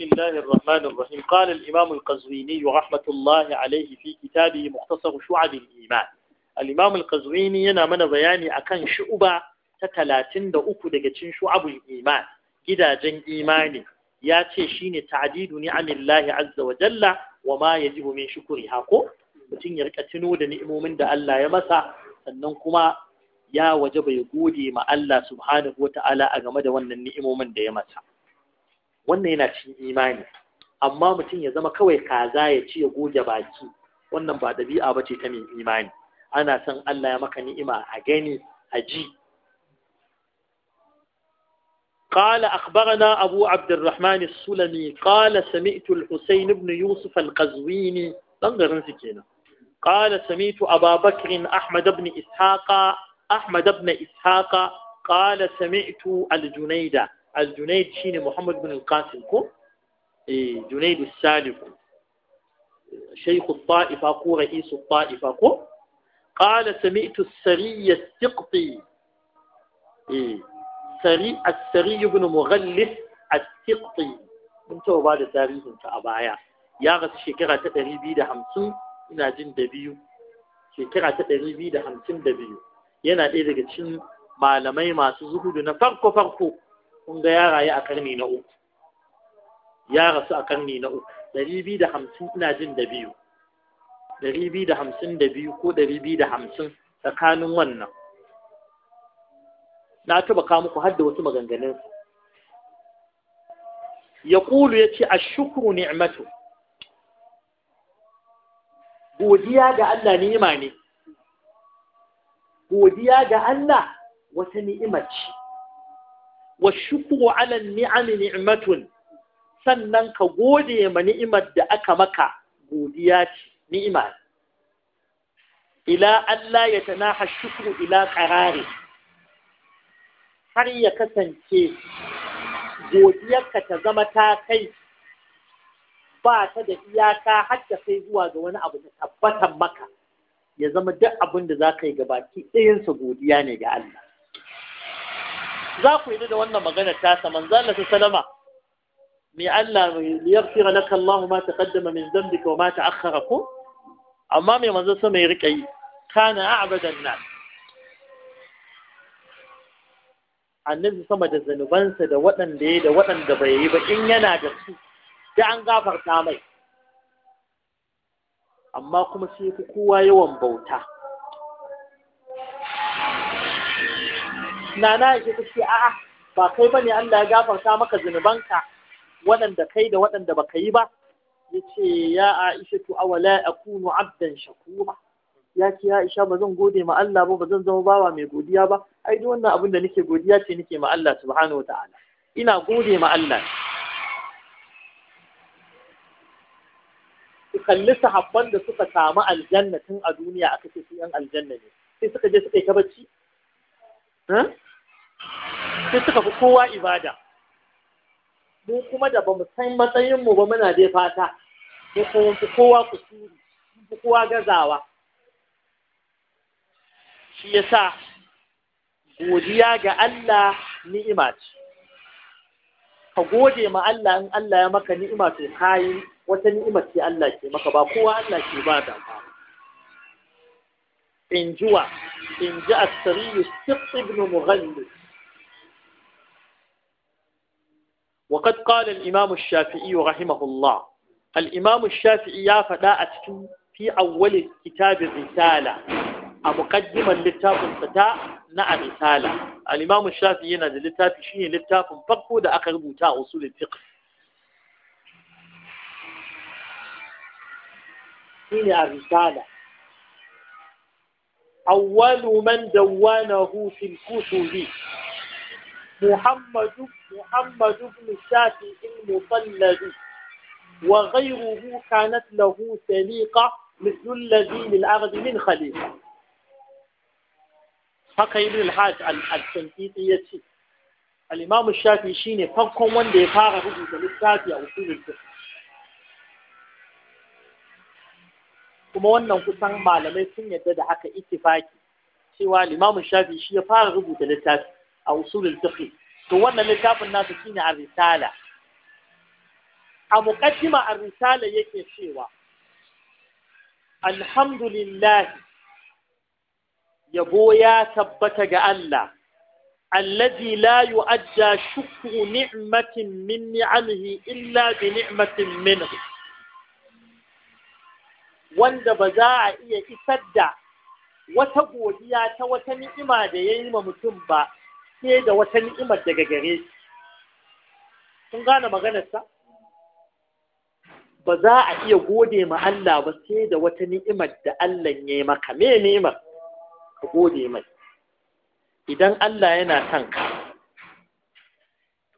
بسم الله الرحمن الرحيم قال الإمام القزويني رحمة الله عليه في كتابه مختصر شعب الإيمان الإمام القزويني ينامنا بياني أكان شعبة تتلاتين دا أكو دقتين شعب الإيمان إذا جن إيماني ياتي شين تعديد نعم الله عز وجل وما يجب من شكرها كو mutum ya rika tuno da ni'imomin da Allah ya masa sannan kuma ya waje bai gode ma Allah subhanahu wa ta'ala a game da wannan ni'imomin da ya masa wannan yana cikin imani amma mutum ya zama kawai kaza ya ci ya goge baki wannan ba ɗabi'a ba ce ta mai imani ana son Allah ya maka ni'ima a gani a ji قال أخبرنا أبو عبد الرحمن السلمي قال سمعت الحسين بن يوسف القزويني بنغرن سكينة قال سمعت أبا بكر أحمد بن إسحاق أحمد بن إسحاق قال سمعت الجنيدة al-junaid shine muhammad bin al-qasim ko eh junaid as-sadiq shaykh al-ta'ifa ko ra'is al-ta'ifa ko qala sami'tu as-sariy as-siqti eh sari as-sariy ibn mughallis as-siqti mun tawo ba da tarihin ta a baya ya rasu shekara ta 250 ina jin da biyu shekara ta 252 yana ɗaya daga cikin malamai masu zuhudu na farko-farko kun ga ya rayu a karni na uku ya rasu a karni na uku ɗari biyu da hamsin ina jin da biyu ɗari biyu da hamsin da biyu ko ɗari biyu da hamsin tsakanin wannan na taɓa kawo muku har da wasu maganganun ya ƙulu ya ce a shukuru ni'matu godiya ga Allah ni'ima ne godiya ga Allah wata ni'ima ce wa shukru alal ni'ami ni'matun sannan ka gode ma ni'imar da aka maka godiya ce ni'ima ila Allah ya tanaha shukru ila qarari har ya kasance godiyarka ta zama ta kai ba ta da iyaka har ta kai zuwa ga wani abu da tabbatar maka ya zama duk abin da za ka yi gabaki ɗayansa godiya ne ga Allah za ku yi da wannan magana ta sa manzo Allah sallama mai Allah liyaghfira laka Allah ma kaddama min zambi wa ma akhara ku amma mai manzo sama mai rike yi kana a'badan nas annabi sama da zanubansa da waɗanda ya da waɗanda bai yi ba in yana da su da an gafarta mai amma kuma sai ku kowa yawan bauta nana yake ta ce a'a ba kai bane Allah ya gafarta maka zunubanka waɗanda kai da waɗanda baka yi ba yace ya Aisha tu awala akunu abdan shakura ya ce ya Aisha ba zan gode ma Allah ba ba zan zama bawa mai godiya ba ai duk wannan abin da nake godiya ce nake ma Allah subhanahu wataala ina gode ma Allah kalli sahabban da suka samu aljanna tun a duniya aka ce su yan aljanna ne sai suka je suka yi ta bacci sai suka fi kowa ibada mu kuma da ba mu san matsayin mu ba muna dai fata mu kuma fi kowa kusuri mu fi kowa gazawa shi yasa godiya ga Allah ni'ima ce ka gode ma Allah in Allah ya maka ni'ima to kayi wata ni'ima ce Allah ke maka ba kowa Allah ke ba da ba in jiwa in ji asiri ibn mughallis وقد قال الإمام الشافعي رحمه الله الإمام الشافعي يا فداء في أول كتاب الرسالة مقدما للتاب فتاء نع رسالة الإمام الشافعي ينا للتاب شيء للتاب فقه دا أقرب تاء أصول الفقه شيء الرسالة أول من دونه في الكتب محمد محمد بن شافع المطلد وغيره كانت له سليقة مثل الذي للأرض من خليقة haka ibn al-hajj al-shankiti ya ce al-imam shafi shine farkon wanda ya fara rubuta littafi a usulul fiqh kuma wannan kusan malamai sun yadda da haka ittifaki cewa al-imam shafi shi ya fara rubuta littafi a usulul fiqh to wannan littafin nasa shine ar-risala a muqaddima ar-risala yake cewa alhamdulillah yabo ya tabbata ga Allah الذي لا يؤدى ni'matin نعمة من illa bi ni'matin منه wanda ba za a iya isar da wata godiya ta wata ni'ima da ya yi ma mutum ba sai da wata ni'imar daga gare shi kun gane maganarsa ba za a iya gode ma Allah ba sai da wata ni'imar da Allah ya yi maka me ni'imar ka gode mai idan Allah yana son ka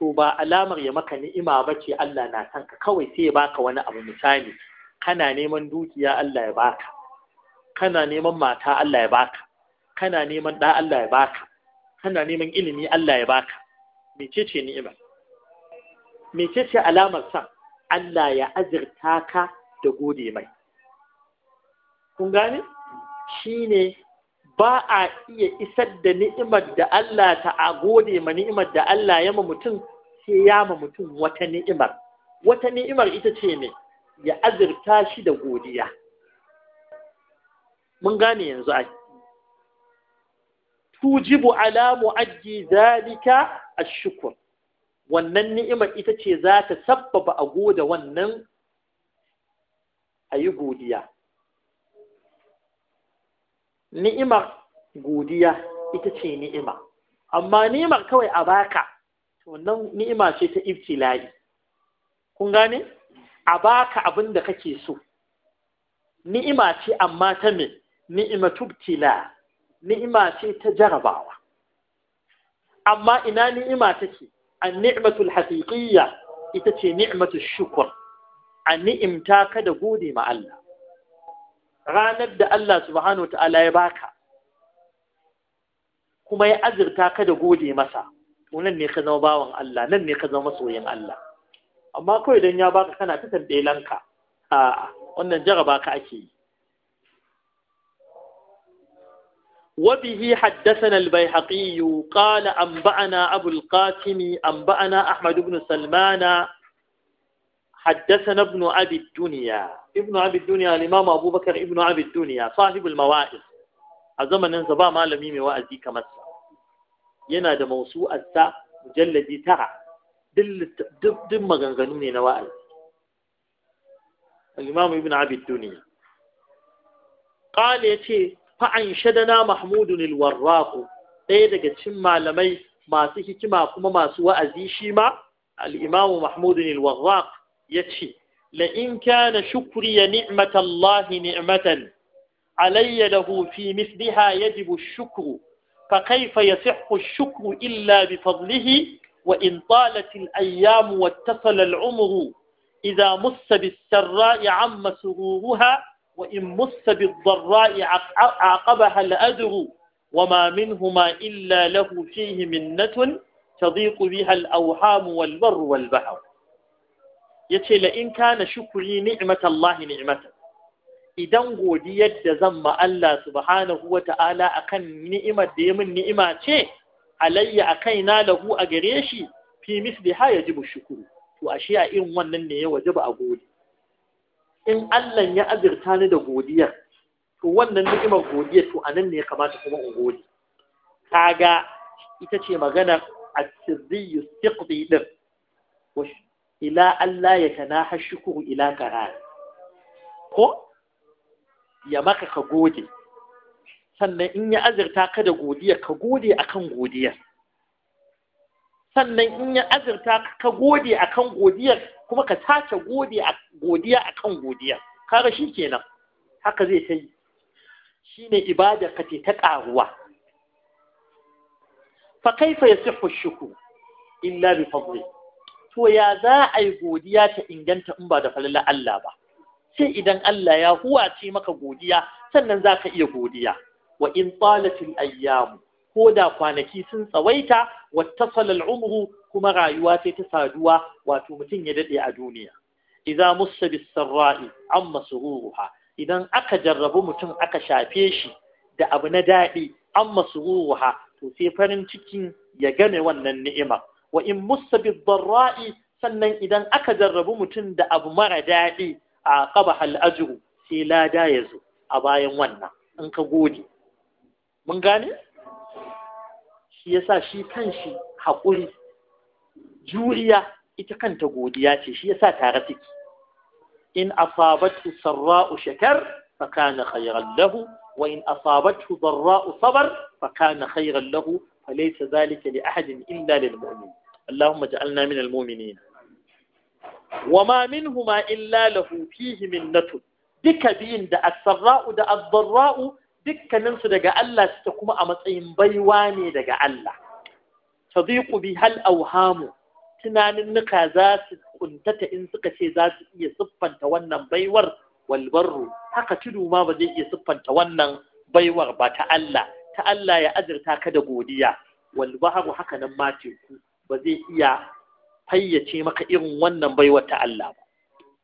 to ba alamar ya maka ni'ima ba ce Allah na son ka kawai sai ya baka wani abu misali kana neman dukiya Allah ya baka kana neman mata Allah ya baka kana neman ɗa Allah ya baka kana neman ilimi Allah ya baka ce mecece mece ce alamar sa Allah ya azirta ka da gode mai kun gane shine ba a iya isar da ni'imar da Allah ta a gode ma ni'imar da Allah ya ma mutum sai ya ma mutum wata ni'imar wata ni'imar ita ce ne ya azirta shi da godiya mun gane yanzu ai tujibu ala mu'addi zalika ash-shukr wannan ni'imar ita ce za ta sabbaba a goda wannan ayi godiya ni'imar godiya ita ce ni'ima amma ni'imar kawai a baka wannan ni'ima ce ta ibtila'i kun gane a baka abin da kake so ni'ima ce amma ta me ni'ima tubtila ni'ima ce ta jarabawa amma ina ni'ima take an-ni'matul haqiqiyya ita ce ni'matul shukr an ni'imta ka da gode ma Allah ranar da Allah subhanahu ta'ala ya baka kuma ya azurta ka da gode masa to nan ne ka zama bawan Allah nan ne ka zama masoyin Allah amma kawai dan ya baka kana ta tambaye lanka a'a wannan jaraba ka ake yi وبه حدثنا البيحقي قال أنبأنا أبو القاسم أنبأنا أحمد بن سلمان حدثنا ابن أبي الدنيا ابن أبي الدنيا الإمام أبو بكر ابن أبي الدنيا صاحب المواعظ أظن أن sa ba malami mai wa'azi kamar ينادى موسوء da mawsu'arsa mujalladi دم duk maganganu ne na wa'azi al-imam ibn abi fa'anshadana mahmudun alwarraqu ɗaya daga cikin malamai masu hikima kuma masu wa'azi shi ma al-imamu mahmudun alwarraq ya la in kana shukuri ya ni'matallahi ni'matan alayya lahu fi misliha yajibu shukru fa kaifa ya ash-shukru illa bi fadlihi wa in talat ayyamu wa ittasala umru idha mussa bis-sarra'i amma sururuha وإن مس بالضراء عقبها الأدر وما منهما إلا له فيه منة تضيق بها الأوهام والبر والبحر yace la in kana shukuri ni'matallahi ni'matan idan godiyar da zan ma Allah subhanahu wata'ala akan ni'imar da ya min ni'ima ce alayya a kaina lahu a gare shi fi ji yajibu shukuru to ashe a irin wannan ne ya wajaba a gode in Allah ya azurta ni da godiyar to wannan ni'imar godiyar to anan ne ya kamata kuma in gode kaga ita ce maganar at-sirri istiqdi din ila Allah ya tanaha shukuru ila karar ko ya maka ka gode sannan in ya azurta ka da godiya ka gode akan godiyar sannan in ya azurta ka gode akan godiyar kuma ka sace godiya a kan godiya kaga shi kenan haka zai ta yi shi ne ibadar ka ta ƙaruwa fa kaifa ya sihu shuku illa bi fadli to ya za a yi godiya ta inganta in ba da falala Allah ba sai idan Allah ya huwace maka godiya sannan za ka iya godiya wa in talatil ayyamu ko da kwanaki sun tsawaita wattasala al'umru kuma rayuwa sai ta saduwa wato mutum ya dade a duniya idza mussa sarra'i amma suruha idan aka jarrabu mutum aka shafe shi da abu na daɗi amma suruha to sai farin cikin ya gane wannan ni'ima wa in mussa bis sannan idan aka jarrabu mutum da abu mara daɗi a qaba hal ajru sai lada ya zo a bayan wannan in ka gode mun gane shi yasa shi kanshi haƙuri juriya ita kanta godiya ce shi yasa tare suke in asabatu sarra'u shakar fa kana khayran lahu wa in asabatu darra'u sabar fa kana khayran lahu falaysa dhalika li ahadin illa lil mu'min اللهم اجعلنا من المؤمنين وما منهما إلا له فيه منة duka biyun da asarra'u da azzarra'u dukkaninsu daga Allah suke kuma a matsayin baiwa ne daga Allah tadiqu bi hal awhamu tunanin nuka za su kuntata in suka ce za su iya siffanta wannan baiwar walbarru haka tudu ma ba zai iya siffanta wannan baiwar ba ta Allah ta Allah ya azurta ka da godiya walbaharu haka nan ma teku ba zai iya fayyace maka irin wannan baiwar ta Allah ba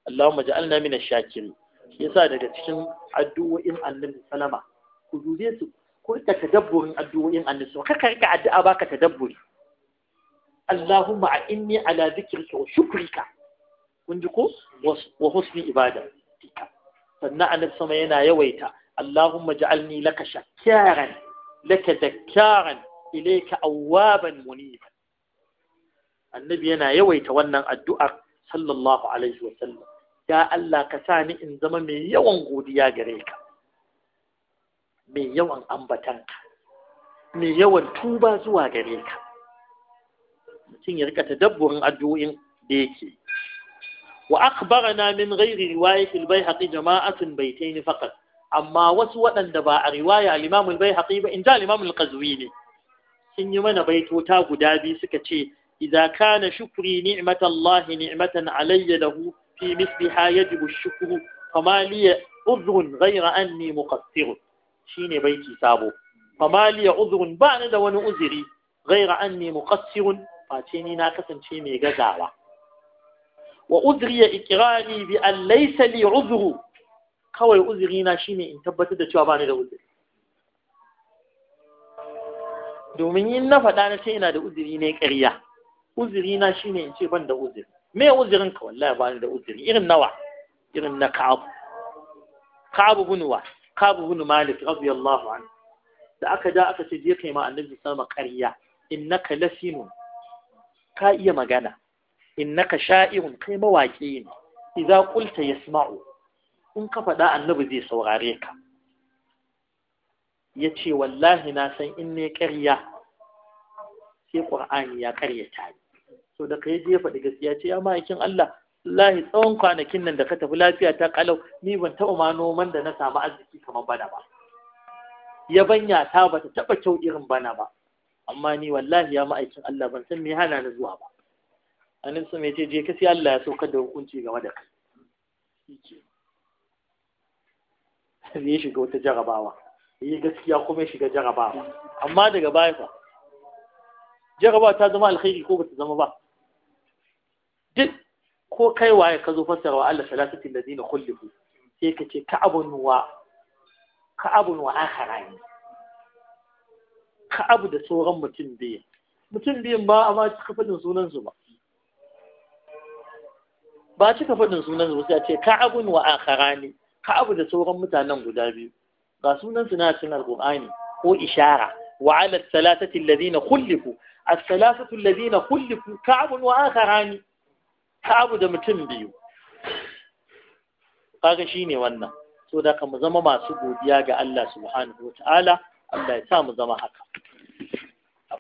Allahumma ja'alna min ash-shakirin yasa daga cikin addu'o'in Annabi salama ku dube su ko ta tadabburin addu'o'in Annabi salama kaka rika addu'a baka tadabburi Allahumma a inni ala zikirka wa shukrika kun ji ko wa husni ibadatika sannan annabi sama yana yawaita Allahumma ja'alni laka shakkaran laka dakkaran ilayka awwaban muniban annabi yana yawaita wannan addu'ar sallallahu alaihi wa sallam ya Allah ka sa ni in zama mai yawan godiya gare ka mai yawan ambatanka mai yawan tuba zuwa gare ka mutum ya rika tadabburin addu'o'in da yake wa akhbarana min ghairi riwayat al-baihaqi jama'atun baytayn faqat amma wasu waɗanda ba a riwaya al-imam al-baihaqi ba inda al-imam al ne sun yi mana baitota guda biyu suka ce idza kana shukri ni'matallahi ni'matan alayya lahu fi misliha yajibu ash-shukru fama li udhrun ghayra anni muqassir shine baiti sabo fama li udhrun ba ni da wani uzuri ghayra anni muqassir face ni na kasance mai gazawa wa uzriya iqrani bi an laysa li uzru kawai uzuri na shine in tabbatar da cewa bani da uzuri domin in na faɗa na ce ina da uzuri ne ƙarya uzuri na shine in ce ban da uzuri me uzurin ka wallahi bani da uzuri irin nawa irin na ka'ab Kabu ibn wa bunu malik radiyallahu anhu da aka ja aka ce je kai ma annabi sallama ƙarya innaka lasinu ka iya magana innaka sha'irun kai mawaki ne idza qulta yasma'u in ka faɗa annabi zai saurare ka yace wallahi na san in ne ƙarya sai qur'ani ya ta ni so da kai je faɗi gaskiya ce ya ma'aikin Allah wallahi tsawon kwanakin nan da ka tafi lafiya ta kalau ni ban taɓa ma noman da na samu arziki kamar bana ba yabanya ta bata taɓa kyau irin bana ba amma ni wallahi ya ma'aikin Allah ban san me hana ni zuwa ba annabi sun yace je kasi Allah ya saukar da hukunci game da kai sai ya shiga wata jarabawa yi gaskiya kuma ya shiga jarabawa amma daga baya fa jarabawa ta zama alkhairi ko bata zama ba duk ko kai waye ka zo fassara wa Allah salatu lillazina khulifu sai ka ce ka abun wa ka abun wa akharani abu da sauran mutum biyu mutum biyun ba a ma cika faɗin sunan su ba ba cika faɗin sunan su sai a ce ka'abun wa ka abu da sauran mutanen guda biyu ga sunan su na cikin ko ishara wa ala thalathati alladhina khulifu as-thalathatu alladhina khulifu ka'ab wa ka abu da mutum biyu kaga shine wannan so da ka mu zama masu godiya ga Allah subhanahu wa ta'ala Allah ya sa mu zama haka